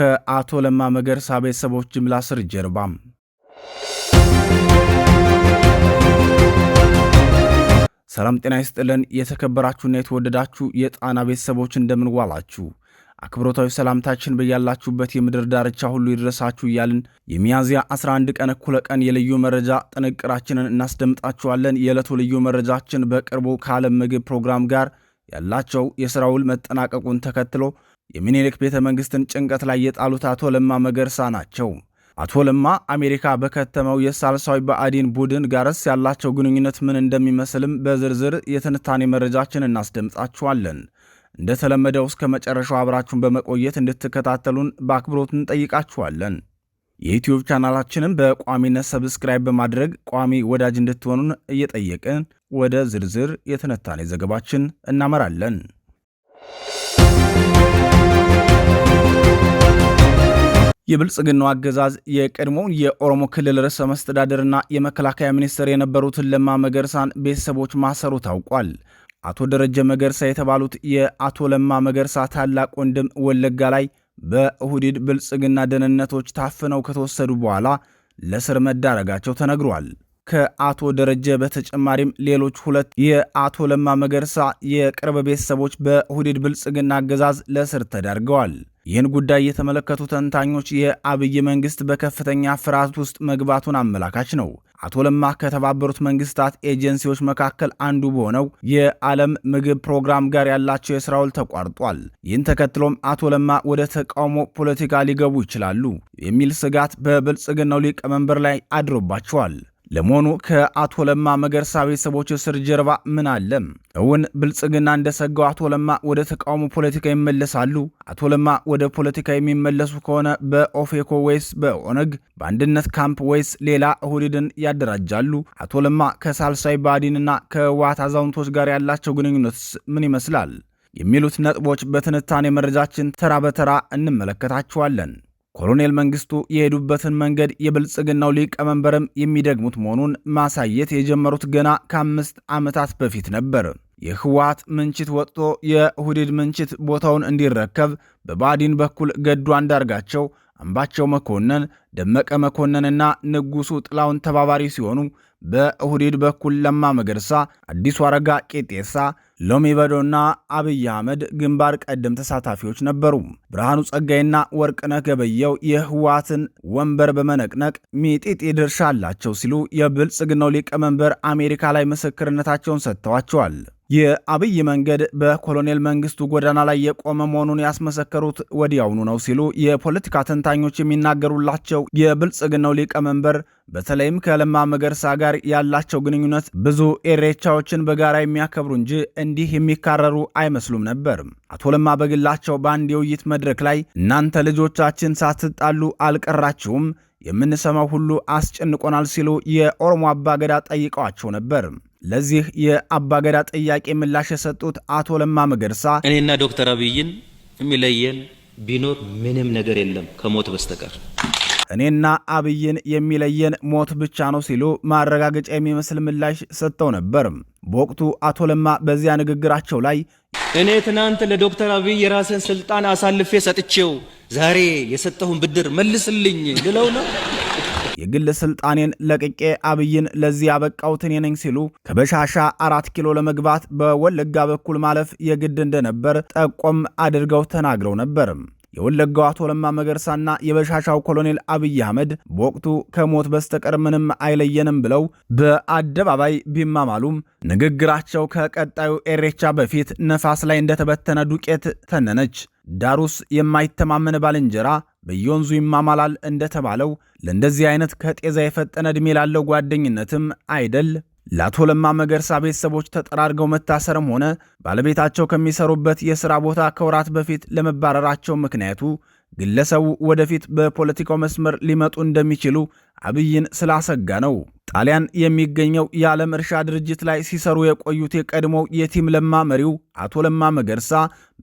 ከአቶ ለማ መገርሳ ቤተሰቦች ጅምላ ስር ጀርባ ሰላም ጤና ይስጥልን። የተከበራችሁና የተወደዳችሁ የጣና ቤተሰቦች እንደምንዋላችሁ አክብሮታዊ ሰላምታችን በያላችሁበት የምድር ዳርቻ ሁሉ ይድረሳችሁ እያልን የሚያዝያ 11 ቀን እኩለ ቀን የልዩ መረጃ ጥንቅራችንን እናስደምጣችኋለን። የዕለቱ ልዩ መረጃችን በቅርቡ ከዓለም ምግብ ፕሮግራም ጋር ያላቸው የሥራ ውል መጠናቀቁን ተከትሎ የሚኒሊክ ቤተ መንግሥትን ጭንቀት ላይ የጣሉት አቶ ለማ መገርሳ ናቸው። አቶ ለማ አሜሪካ በከተመው የሳልሳዊ ብአዴን ቡድን ጋርስ ያላቸው ግንኙነት ምን እንደሚመስልም በዝርዝር የትንታኔ መረጃችን እናስደምጣችኋለን። እንደተለመደው እስከ መጨረሻው አብራችሁን በመቆየት እንድትከታተሉን በአክብሮት እንጠይቃችኋለን። የዩትዩብ ቻናላችንም በቋሚነት ሰብስክራይብ በማድረግ ቋሚ ወዳጅ እንድትሆኑን እየጠየቅን ወደ ዝርዝር የትንታኔ ዘገባችን እናመራለን። የብልጽግናው አገዛዝ የቀድሞውን የኦሮሞ ክልል ርዕሰ መስተዳድርና የመከላከያ ሚኒስትር የነበሩትን ለማ መገርሳን ቤተሰቦች ማሰሩ ታውቋል። አቶ ደረጀ መገርሳ የተባሉት የአቶ ለማ መገርሳ ታላቅ ወንድም ወለጋ ላይ በእሁድድ ብልጽግና ደህንነቶች ታፍነው ከተወሰዱ በኋላ ለስር መዳረጋቸው ተነግሯል። ከአቶ ደረጀ በተጨማሪም ሌሎች ሁለት የአቶ ለማ መገርሳ የቅርብ ቤተሰቦች በሁዲድ ብልጽግና አገዛዝ ለስር ተዳርገዋል። ይህን ጉዳይ የተመለከቱ ተንታኞች የአብይ መንግስት በከፍተኛ ፍርሃት ውስጥ መግባቱን አመላካች ነው። አቶ ለማ ከተባበሩት መንግስታት ኤጀንሲዎች መካከል አንዱ በሆነው የዓለም ምግብ ፕሮግራም ጋር ያላቸው የስራ ውል ተቋርጧል። ይህን ተከትሎም አቶ ለማ ወደ ተቃውሞ ፖለቲካ ሊገቡ ይችላሉ የሚል ስጋት በብልጽግናው ሊቀመንበር ላይ አድሮባቸዋል። ለመሆኑ ከአቶ ለማ መገርሳ ቤተሰቦች እስር ጀርባ ምን አለ? እውን ብልጽግና እንደሰጋው አቶ ለማ ወደ ተቃውሞ ፖለቲካ ይመለሳሉ? አቶ ለማ ወደ ፖለቲካ የሚመለሱ ከሆነ በኦፌኮ ወይስ በኦነግ በአንድነት ካምፕ ወይስ ሌላ ኦህዴድን ያደራጃሉ? አቶ ለማ ከሳልሳይ ብአዴንና ከህወሓት አዛውንቶች ጋር ያላቸው ግንኙነትስ ምን ይመስላል? የሚሉት ነጥቦች በትንታኔ መረጃችን ተራ በተራ እንመለከታቸዋለን። ኮሎኔል መንግስቱ የሄዱበትን መንገድ የብልጽግናው ሊቀመንበርም የሚደግሙት መሆኑን ማሳየት የጀመሩት ገና ከአምስት ዓመታት በፊት ነበር። የህወሓት ምንችት ወጥቶ የሁዲድ ምንችት ቦታውን እንዲረከብ በባዲን በኩል ገዱ አንዳርጋቸው፣ አምባቸው መኮንን፣ ደመቀ መኮንንና ንጉሱ ጥላውን ተባባሪ ሲሆኑ በሁዲድ በኩል ለማ መገርሳ፣ አዲሱ አረጋ ቄጤሳ ሎሚ በዶና አብይ አህመድ ግንባር ቀደም ተሳታፊዎች ነበሩ። ብርሃኑ ጸጋይና ወርቅነህ ገበየው የህወሓትን ወንበር በመነቅነቅ ሚጢጢ ድርሻ አላቸው ሲሉ የብልጽግናው ሊቀመንበር አሜሪካ ላይ ምስክርነታቸውን ሰጥተዋቸዋል። የአብይ መንገድ በኮሎኔል መንግስቱ ጎዳና ላይ የቆመ መሆኑን ያስመሰከሩት ወዲያውኑ ነው ሲሉ የፖለቲካ ተንታኞች የሚናገሩላቸው የብልጽግናው ሊቀመንበር በተለይም ከለማ መገርሳ ጋር ያላቸው ግንኙነት ብዙ ኤሬቻዎችን በጋራ የሚያከብሩ እንጂ እንዲህ የሚካረሩ አይመስሉም ነበር። አቶ ለማ በግላቸው በአንድ የውይይት መድረክ ላይ እናንተ ልጆቻችን ሳትጣሉ አልቀራችሁም፣ የምንሰማው ሁሉ አስጨንቆናል ሲሉ የኦሮሞ አባገዳ ጠይቀዋቸው ነበር። ለዚህ የአባገዳ ጥያቄ ምላሽ የሰጡት አቶ ለማ መገርሳ እኔና ዶክተር አብይን የሚለየን ቢኖር ምንም ነገር የለም ከሞት በስተቀር እኔና አብይን የሚለየን ሞት ብቻ ነው ሲሉ ማረጋገጫ የሚመስል ምላሽ ሰጥተው ነበር። በወቅቱ አቶ ለማ በዚያ ንግግራቸው ላይ እኔ ትናንት ለዶክተር አብይ የራስን ስልጣን አሳልፌ ሰጥቼው ዛሬ የሰጠሁን ብድር መልስልኝ ልለው ነው የግል ስልጣኔን ለቅቄ አብይን ለዚህ ያበቃሁት እኔ ነኝ ሲሉ ከበሻሻ አራት ኪሎ ለመግባት በወለጋ በኩል ማለፍ የግድ እንደነበር ጠቆም አድርገው ተናግረው ነበር። የወለጋው አቶ ለማ መገርሳና የበሻሻው ኮሎኔል አብይ አህመድ በወቅቱ ከሞት በስተቀር ምንም አይለየንም ብለው በአደባባይ ቢማማሉም ንግግራቸው ከቀጣዩ ኤሬቻ በፊት ነፋስ ላይ እንደተበተነ ዱቄት ተነነች። ዳሩስ የማይተማመን ባልንጀራ በየወንዙ ይማማላል እንደተባለው ለእንደዚህ አይነት ከጤዛ የፈጠነ ዕድሜ ላለው ጓደኝነትም አይደል ለአቶ ለማ መገርሳ ቤተሰቦች ተጠራርገው መታሰርም ሆነ ባለቤታቸው ከሚሰሩበት የሥራ ቦታ ከወራት በፊት ለመባረራቸው ምክንያቱ ግለሰቡ ወደፊት በፖለቲካው መስመር ሊመጡ እንደሚችሉ አብይን ስላሰጋ ነው። ጣሊያን የሚገኘው የዓለም እርሻ ድርጅት ላይ ሲሰሩ የቆዩት የቀድሞው የቲም ለማ መሪው አቶ ለማ መገርሳ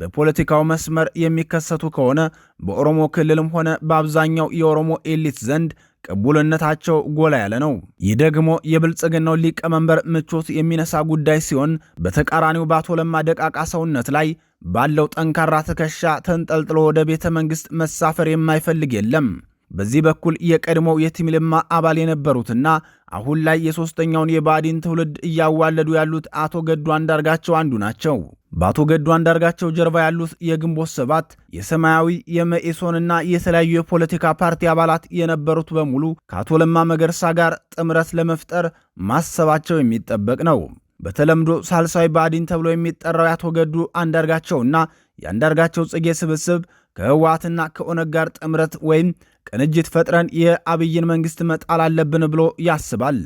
በፖለቲካው መስመር የሚከሰቱ ከሆነ በኦሮሞ ክልልም ሆነ በአብዛኛው የኦሮሞ ኤሊት ዘንድ ቅቡልነታቸው ጎላ ያለ ነው። ይህ ደግሞ የብልጽግናው ሊቀመንበር ምቾት የሚነሳ ጉዳይ ሲሆን፣ በተቃራኒው በአቶ ለማ ደቃቃ ሰውነት ላይ ባለው ጠንካራ ትከሻ ተንጠልጥሎ ወደ ቤተ መንግሥት መሳፈር የማይፈልግ የለም። በዚህ በኩል የቀድሞው የቲምልማ አባል የነበሩትና አሁን ላይ የሦስተኛውን የባዕዲን ትውልድ እያዋለዱ ያሉት አቶ ገዱ አንዳርጋቸው አንዱ ናቸው። በአቶ ገዱ አንዳርጋቸው ጀርባ ያሉት የግንቦት ሰባት የሰማያዊ የመኢሶንና የተለያዩ የፖለቲካ ፓርቲ አባላት የነበሩት በሙሉ ከአቶ ለማ መገርሳ ጋር ጥምረት ለመፍጠር ማሰባቸው የሚጠበቅ ነው። በተለምዶ ሳልሳዊ ባዕዲን ተብሎ የሚጠራው የአቶ ገዱ አንዳርጋቸውና የአንዳርጋቸው ጽጌ ስብስብ ከህወሓትና ከኦነግ ጋር ጥምረት ወይም ቅንጅት ፈጥረን የአብይን መንግስት መጣል አለብን ብሎ ያስባል።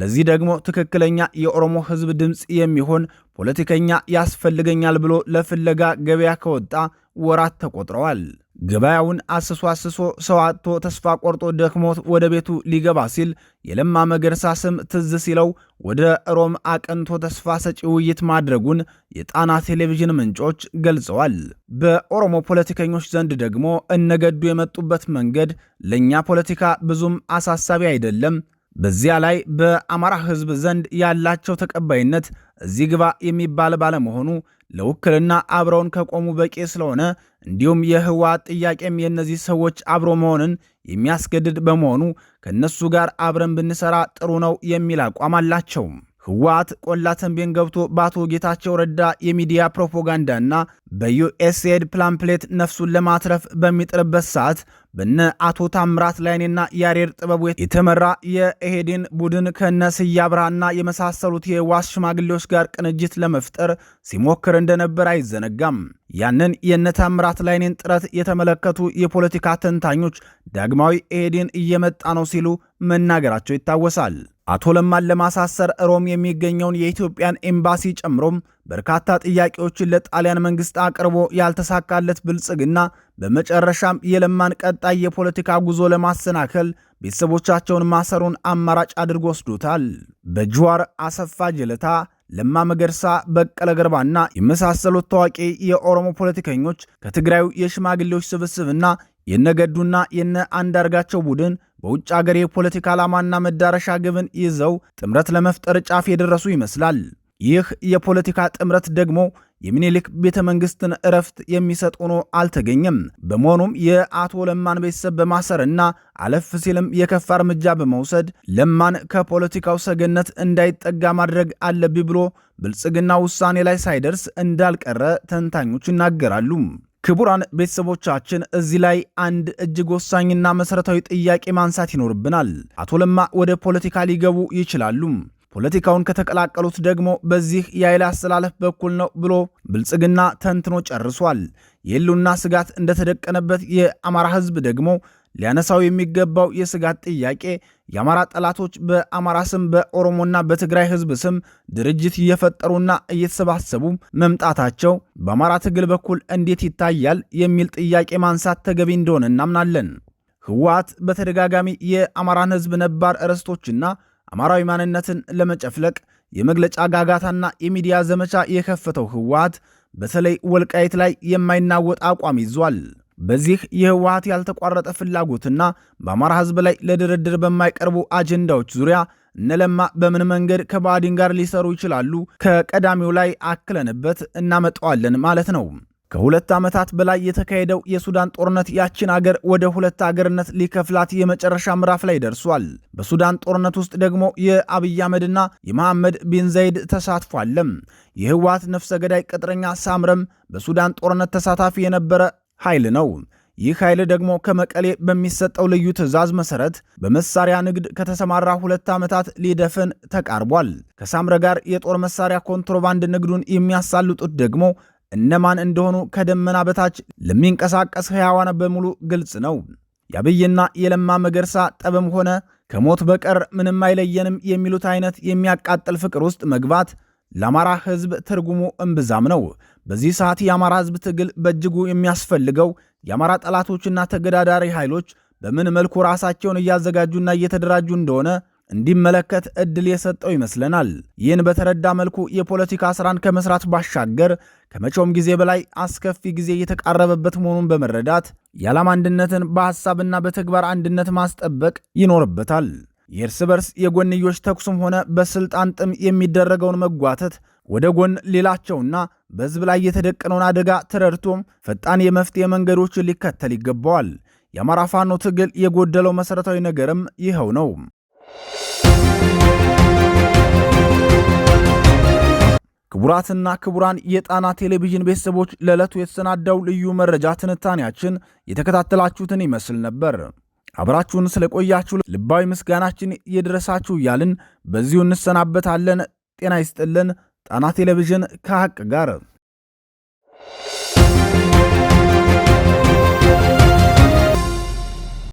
ለዚህ ደግሞ ትክክለኛ የኦሮሞ ህዝብ ድምፅ የሚሆን ፖለቲከኛ ያስፈልገኛል ብሎ ለፍለጋ ገበያ ከወጣ ወራት ተቆጥረዋል። ገበያውን አስሶ አስሶ ሰው አጥቶ ተስፋ ቆርጦ ደክሞት ወደ ቤቱ ሊገባ ሲል የለማ መገርሳ ስም ትዝ ሲለው ወደ ሮም አቅንቶ ተስፋ ሰጪ ውይይት ማድረጉን የጣና ቴሌቪዥን ምንጮች ገልጸዋል። በኦሮሞ ፖለቲከኞች ዘንድ ደግሞ እነገዱ የመጡበት መንገድ ለእኛ ፖለቲካ ብዙም አሳሳቢ አይደለም በዚያ ላይ በአማራ ሕዝብ ዘንድ ያላቸው ተቀባይነት እዚህ ግባ የሚባል ባለመሆኑ ለውክልና አብረውን ከቆሙ በቂ ስለሆነ እንዲሁም የህወሓት ጥያቄም የእነዚህ ሰዎች አብሮ መሆንን የሚያስገድድ በመሆኑ ከእነሱ ጋር አብረን ብንሰራ ጥሩ ነው የሚል አቋም አላቸውም። ህወሓት ቆላ ተንቤን ገብቶ በአቶ ጌታቸው ረዳ የሚዲያ ፕሮፓጋንዳና በዩኤስኤድ ፕላምፕሌት ነፍሱን ለማትረፍ በሚጥርበት ሰዓት በነ አቶ ታምራት ላይኔና ያሬድ ጥበቡ የተመራ የኤሄድን ቡድን ከነ ስያ ብርሃና የመሳሰሉት የህወሓት ሽማግሌዎች ጋር ቅንጅት ለመፍጠር ሲሞክር እንደነበር አይዘነጋም። ያንን የነ ታምራት ላይኔን ጥረት የተመለከቱ የፖለቲካ ተንታኞች ዳግማዊ ኤሄድን እየመጣ ነው ሲሉ መናገራቸው ይታወሳል። አቶ ለማን ለማሳሰር ሮም የሚገኘውን የኢትዮጵያን ኤምባሲ ጨምሮም በርካታ ጥያቄዎችን ለጣሊያን መንግስት አቅርቦ ያልተሳካለት ብልጽግና በመጨረሻም የለማን ቀጣይ የፖለቲካ ጉዞ ለማሰናከል ቤተሰቦቻቸውን ማሰሩን አማራጭ አድርጎ ወስዶታል። በጅዋር አሰፋ ጀለታ፣ ለማ መገርሳ፣ በቀለ ገርባና የመሳሰሉት ታዋቂ የኦሮሞ ፖለቲከኞች ከትግራዩ የሽማግሌዎች ስብስብና የነገዱና የነ አንዳርጋቸው ቡድን በውጭ አገር የፖለቲካ ዓላማና መዳረሻ ግብን ይዘው ጥምረት ለመፍጠር ጫፍ የደረሱ ይመስላል። ይህ የፖለቲካ ጥምረት ደግሞ የሚኒሊክ ቤተ መንግስትን እረፍት የሚሰጥ ሆኖ አልተገኘም። በመሆኑም የአቶ ለማን ቤተሰብ በማሰርና አለፍ ሲልም የከፋ እርምጃ በመውሰድ ለማን ከፖለቲካው ሰገነት እንዳይጠጋ ማድረግ አለብኝ ብሎ ብልጽግና ውሳኔ ላይ ሳይደርስ እንዳልቀረ ተንታኞች ይናገራሉ። ክቡራን ቤተሰቦቻችን እዚህ ላይ አንድ እጅግ ወሳኝና መሰረታዊ ጥያቄ ማንሳት ይኖርብናል። አቶ ለማ ወደ ፖለቲካ ሊገቡ ይችላሉ። ፖለቲካውን ከተቀላቀሉት ደግሞ በዚህ የኃይል አስተላለፍ በኩል ነው ብሎ ብልጽግና ተንትኖ ጨርሷል። የህልውና ስጋት እንደተደቀነበት የአማራ ህዝብ ደግሞ ሊያነሳው የሚገባው የስጋት ጥያቄ የአማራ ጠላቶች በአማራ ስም በኦሮሞና በትግራይ ህዝብ ስም ድርጅት እየፈጠሩና እየተሰባሰቡ መምጣታቸው በአማራ ትግል በኩል እንዴት ይታያል የሚል ጥያቄ ማንሳት ተገቢ እንደሆነ እናምናለን። ህወሓት በተደጋጋሚ የአማራን ህዝብ ነባር እረስቶችና አማራዊ ማንነትን ለመጨፍለቅ የመግለጫ ጋጋታና የሚዲያ ዘመቻ የከፈተው ህወሓት በተለይ ወልቃይት ላይ የማይናወጥ አቋም ይዟል። በዚህ የህወሀት ያልተቋረጠ ፍላጎትና በአማራ ህዝብ ላይ ለድርድር በማይቀርቡ አጀንዳዎች ዙሪያ እነለማ በምን መንገድ ከባዲን ጋር ሊሰሩ ይችላሉ? ከቀዳሚው ላይ አክለንበት እናመጣዋለን ማለት ነው። ከሁለት ዓመታት በላይ የተካሄደው የሱዳን ጦርነት ያችን አገር ወደ ሁለት አገርነት ሊከፍላት የመጨረሻ ምዕራፍ ላይ ደርሷል። በሱዳን ጦርነት ውስጥ ደግሞ የአብይ አህመድና የመሐመድ ቢን ዘይድ ተሳትፏለም። የህወሀት ነፍሰ ገዳይ ቅጥረኛ ሳምረም በሱዳን ጦርነት ተሳታፊ የነበረ ኃይል ነው። ይህ ኃይል ደግሞ ከመቀሌ በሚሰጠው ልዩ ትዕዛዝ መሰረት በመሳሪያ ንግድ ከተሰማራ ሁለት ዓመታት ሊደፍን ተቃርቧል። ከሳምረ ጋር የጦር መሳሪያ ኮንትሮባንድ ንግዱን የሚያሳልጡት ደግሞ እነማን እንደሆኑ ከደመና በታች ለሚንቀሳቀስ ሕያዋን በሙሉ ግልጽ ነው። የአብይና የለማ መገርሳ ጠብም ሆነ ከሞት በቀር ምንም አይለየንም የሚሉት አይነት የሚያቃጥል ፍቅር ውስጥ መግባት ለአማራ ህዝብ ትርጉሙ እምብዛም ነው። በዚህ ሰዓት የአማራ ህዝብ ትግል በእጅጉ የሚያስፈልገው የአማራ ጠላቶችና ተገዳዳሪ ኃይሎች በምን መልኩ ራሳቸውን እያዘጋጁና እየተደራጁ እንደሆነ እንዲመለከት እድል የሰጠው ይመስለናል። ይህን በተረዳ መልኩ የፖለቲካ ስራን ከመስራት ባሻገር ከመቼውም ጊዜ በላይ አስከፊ ጊዜ እየተቃረበበት መሆኑን በመረዳት የዓላማ አንድነትን በሐሳብና በተግባር አንድነት ማስጠበቅ ይኖርበታል። የእርስ በርስ የጎንዮሽ ተኩስም ሆነ በስልጣን ጥም የሚደረገውን መጓተት ወደ ጎን ሌላቸውና በሕዝብ ላይ የተደቀነውን አደጋ ተረድቶም ፈጣን የመፍትሄ መንገዶችን ሊከተል ይገባዋል። የአማራ ፋኖ ትግል የጎደለው መሠረታዊ ነገርም ይኸው ነው። ክቡራትና ክቡራን የጣና ቴሌቪዥን ቤተሰቦች ለዕለቱ የተሰናዳው ልዩ መረጃ ትንታኔያችን የተከታተላችሁትን ይመስል ነበር። አብራችሁን ስለቆያችሁ ልባዊ ምስጋናችን እየደረሳችሁ እያልን በዚሁ እንሰናበታለን። ጤና ይስጥልን። ጣና ቴሌቪዥን ከሀቅ ጋር